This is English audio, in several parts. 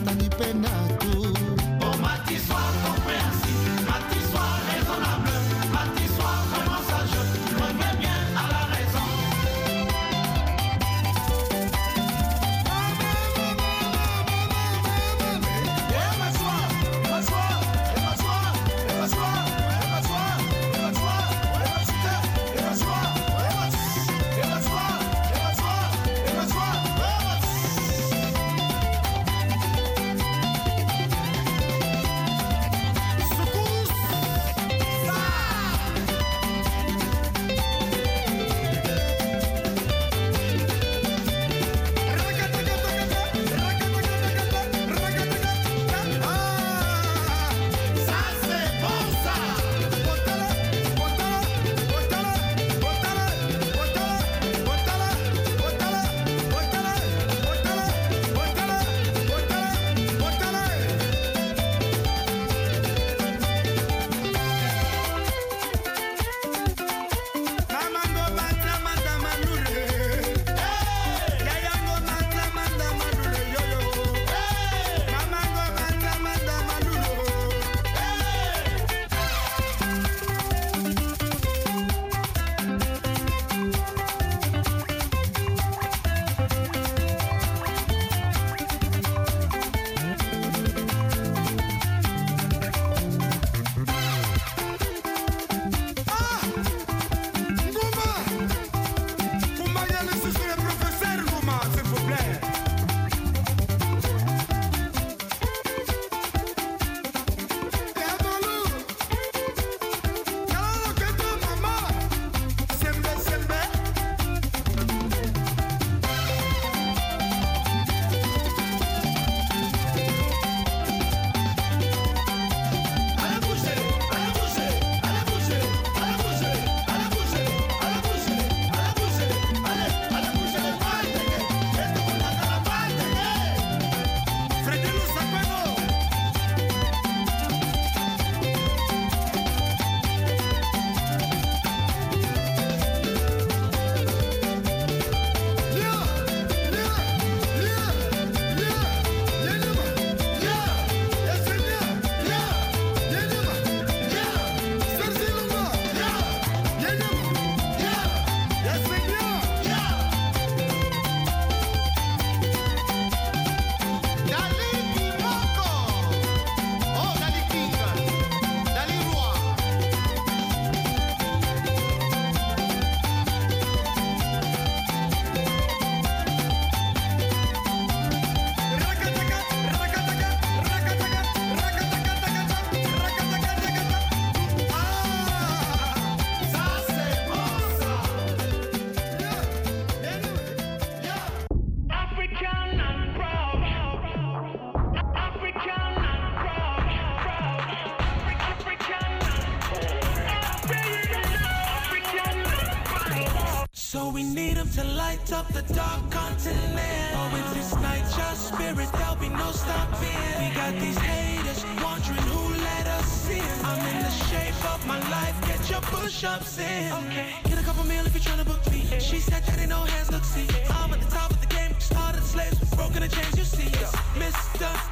hata ni penako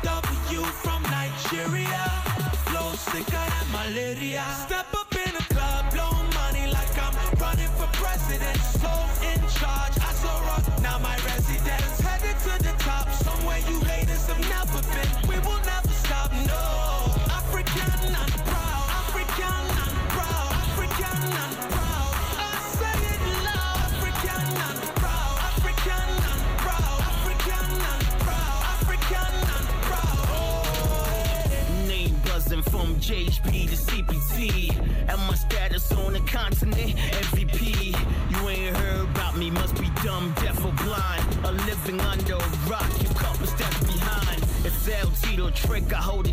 W from Nigeria. Flow sicker than malaria. Step up in the club, blow money like I'm running for president. So in charge, I so rock, now my residence. JHP to CPT. And my status on the continent, MVP. You ain't heard about me, must be dumb, deaf, or blind. A living under a rock, you couple steps behind. It's El Tito trick, I hold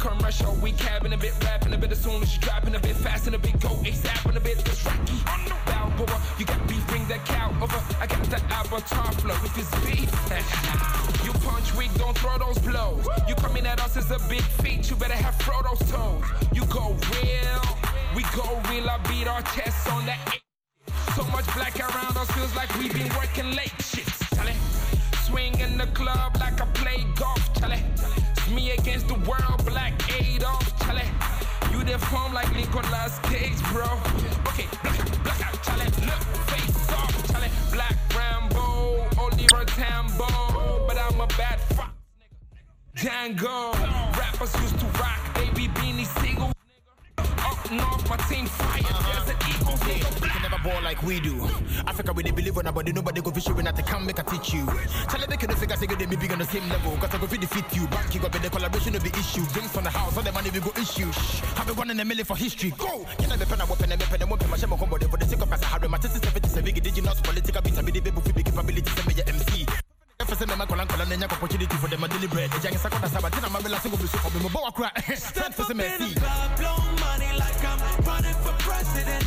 commercial. We cabbing a bit, rapping a bit as soon as you dropping a bit fast and a bit go ASAP and a bit it's Rocky on the Balboa. You got beef, bring that cow over. I got that avatar flow if it's beef. you punch weak, don't throw those blows. You coming at us as a big feat, you better have Frodo's toes. You go real, we go real. I beat our chests on that. So much black around us feels like we've been working late. Shit, Swing in the club like I play golf, Charlie me against the world, black Adolf, chale. You deform like Nicolas Cage, bro. Okay, black, black out, chale. Look, face off, chale. Black Rambo, Oliver Tambo. But I'm a bad fuck, Django. Rappers used to rock, baby beanie single. Up north, my team fire. Uh-huh ball like we do. Africa, we they believe on nobody, nobody go fishing when I can make I teach you. Charlie, they can not figure say they be big on the same level. Cause I go fit defeat you. Bank you got the collaboration will be issue. Drinks on the house, all the money we go issue. Shh. Have been one in a million for history. Go! Can I be pen a weapon and weapon and weapon? My shame on combo for the sake of Pastor Harry. My test is 77 Big, digital, not political beats? I be the baby with capabilities and me MC. I'm nkɔlankɔla na ɛnya them a Running for president,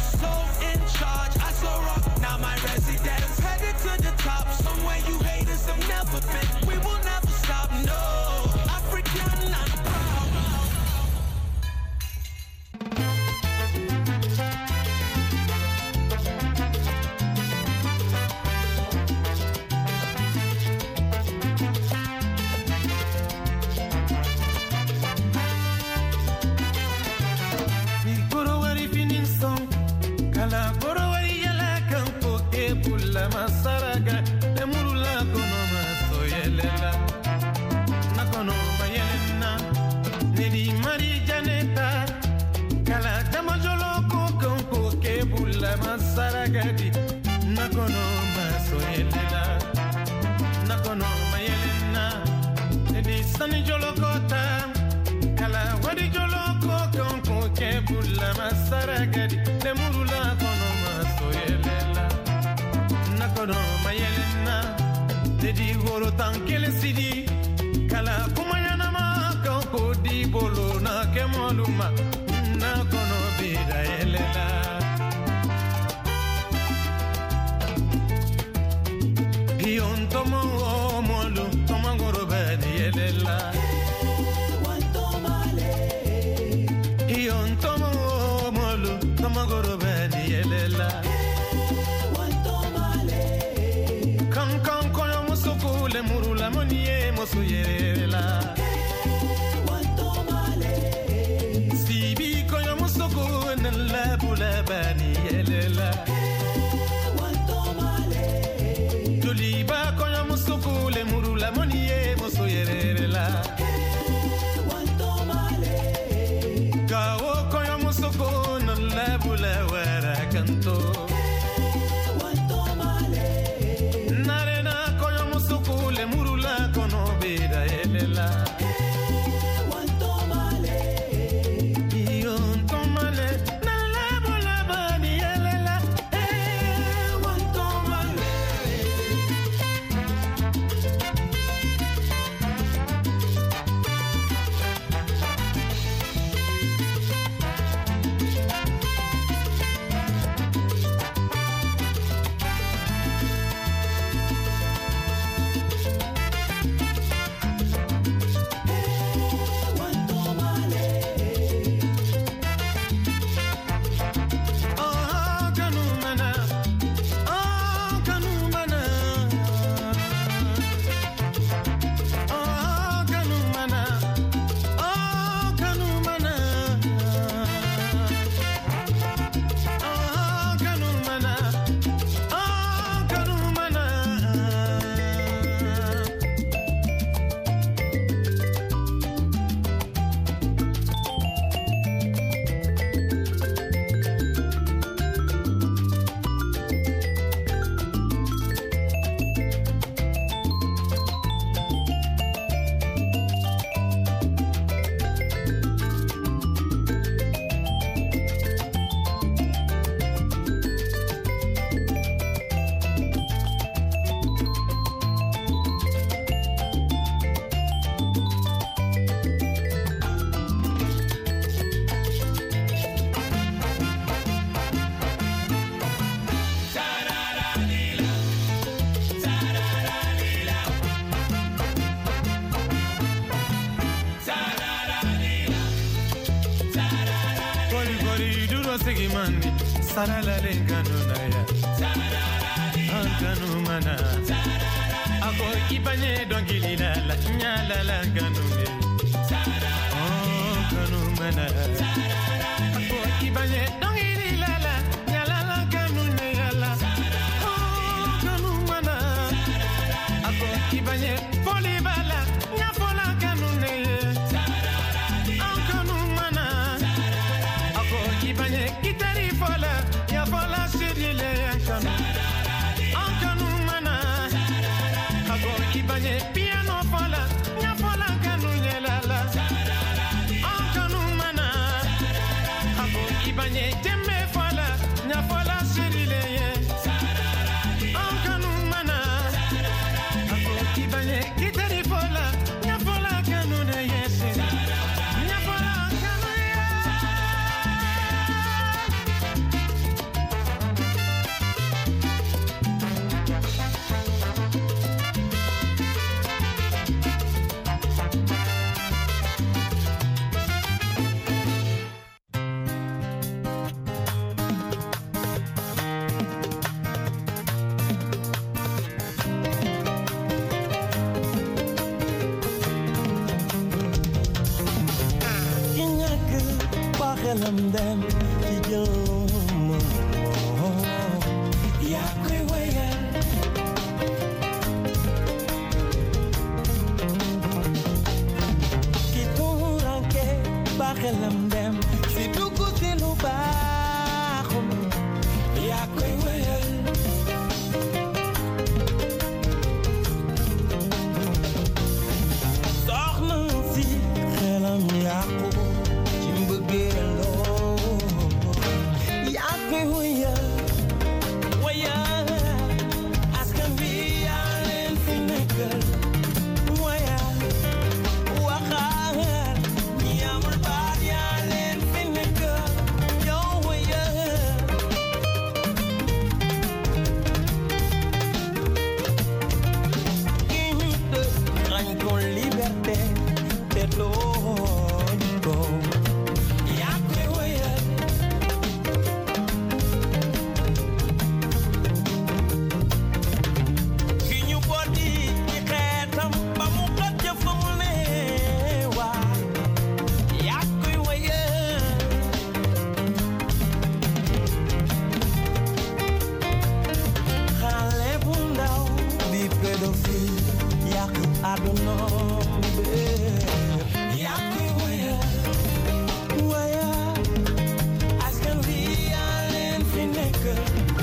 in charge. I so rock, now my residence. Headed to the top, somewhere you haters have never been. We will never stop, no. sani joloko ta kala wadi jolo koko kun kɛ bulama sarakɛ di lemurula maso ma so yɛlɛla na kɔnɔ ma dedi woro tan sidi kala kumayanama kan ko di bolo love. saralale gano na ya gano mana akoki banye dongili la la nyalala gano me gano mana akoki banye dongili on them 歌。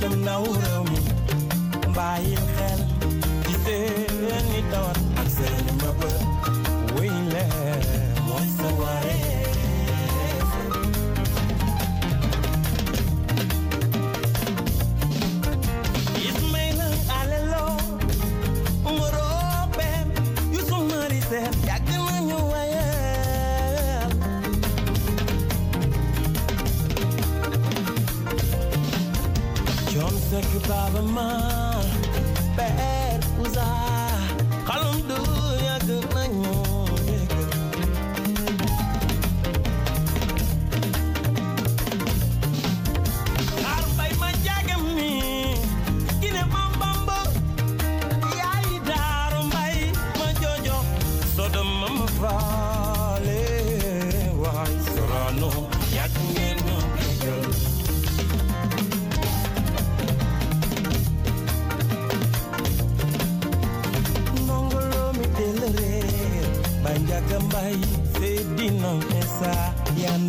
jëm naw réew mi xel ci seen i tawat ak seen i mëbër mooy sa waree Make you by per bad was Call them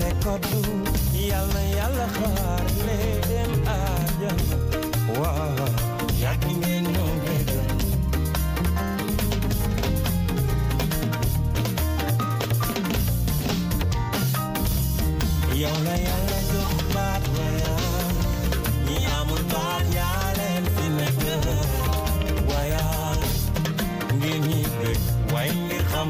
ne ko du yàlla leen àjjana waaw yàgg ngeen ñoo bégal yàlla baat waya ñi baat yaa fi nekk waya ngeen ñi bëgg waaye ngir xam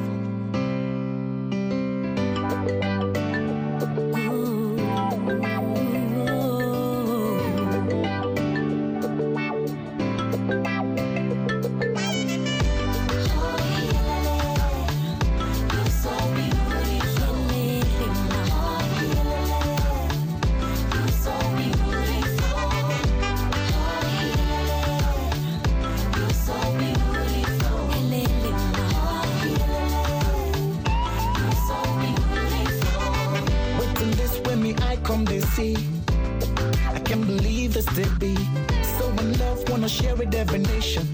see. I can't believe this to be. So in love, wanna share with every nation.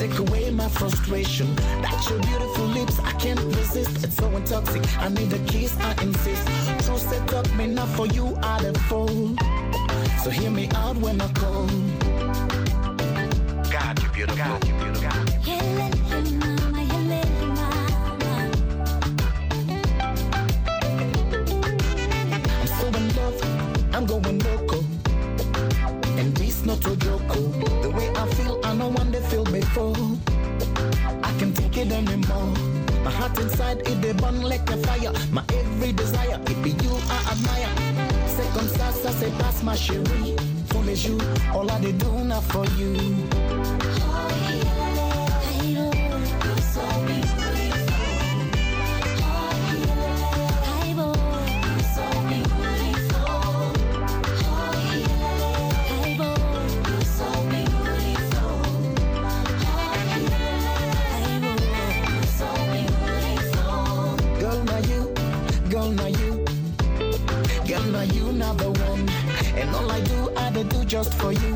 Take away my frustration. That your beautiful lips, I can't resist. It's so intoxicating. I need a kiss, I insist. True set up me not for you, I the fool. So hear me out when I call. God, you beautiful. God, you inside, it be burn like a fire. My every desire, it be you I admire. C'est comme ça, ça se passe, ma chérie. all I do now for you. Oh, yeah. they do just for you.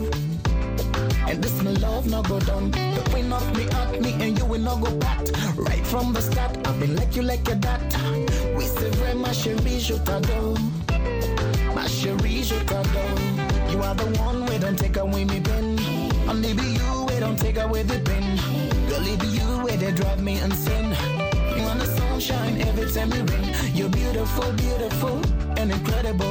And this my love no go done. The queen of me at me and you will not go back. Right from the start, I've been like you like a dat. We say vrai ma chérie, je t'adore. Ma chérie, je t'adore. You are the one we don't take away me pen. And maybe you we don't take away the pen. Girl, it be you where they drive me insane. You want the sunshine every time you rain. You're beautiful, beautiful, and incredible.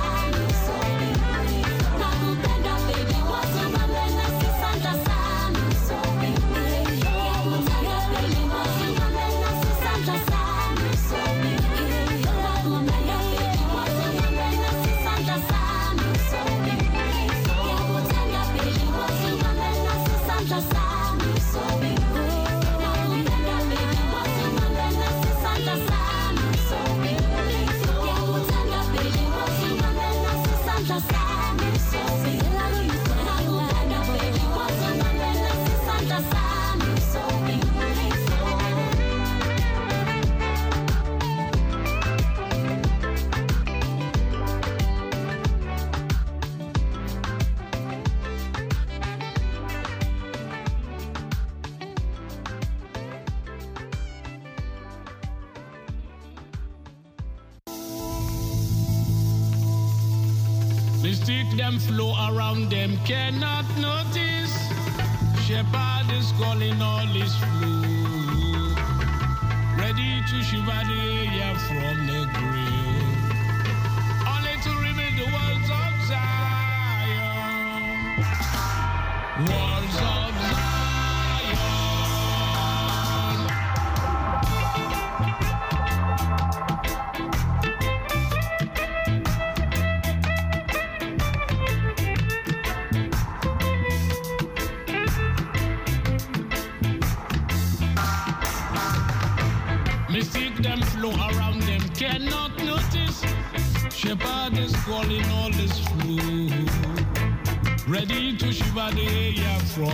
One.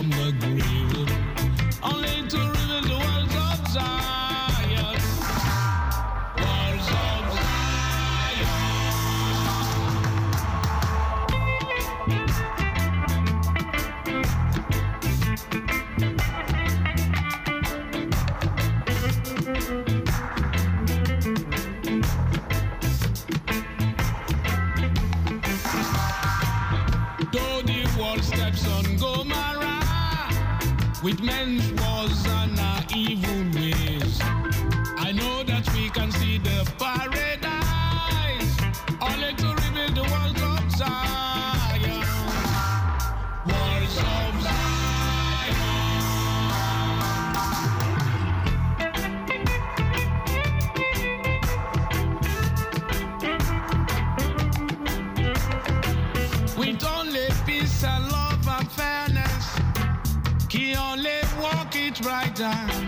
from the with men's wars and our evil ways. I know that we can see the paradise, only to rebuild the world upside. much brighter.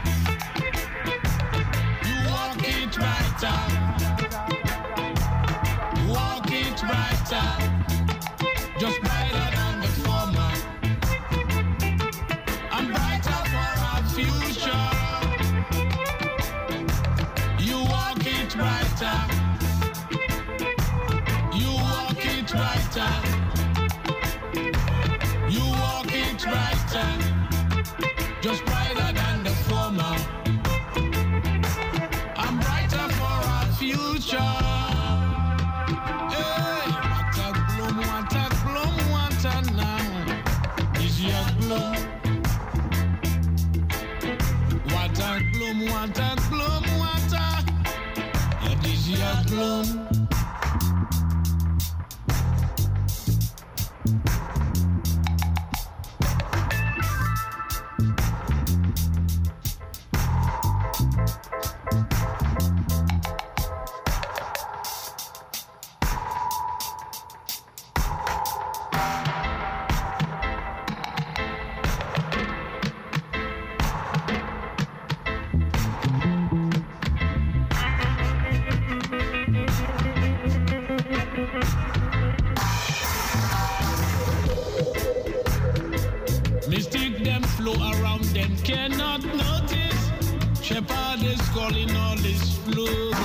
stop.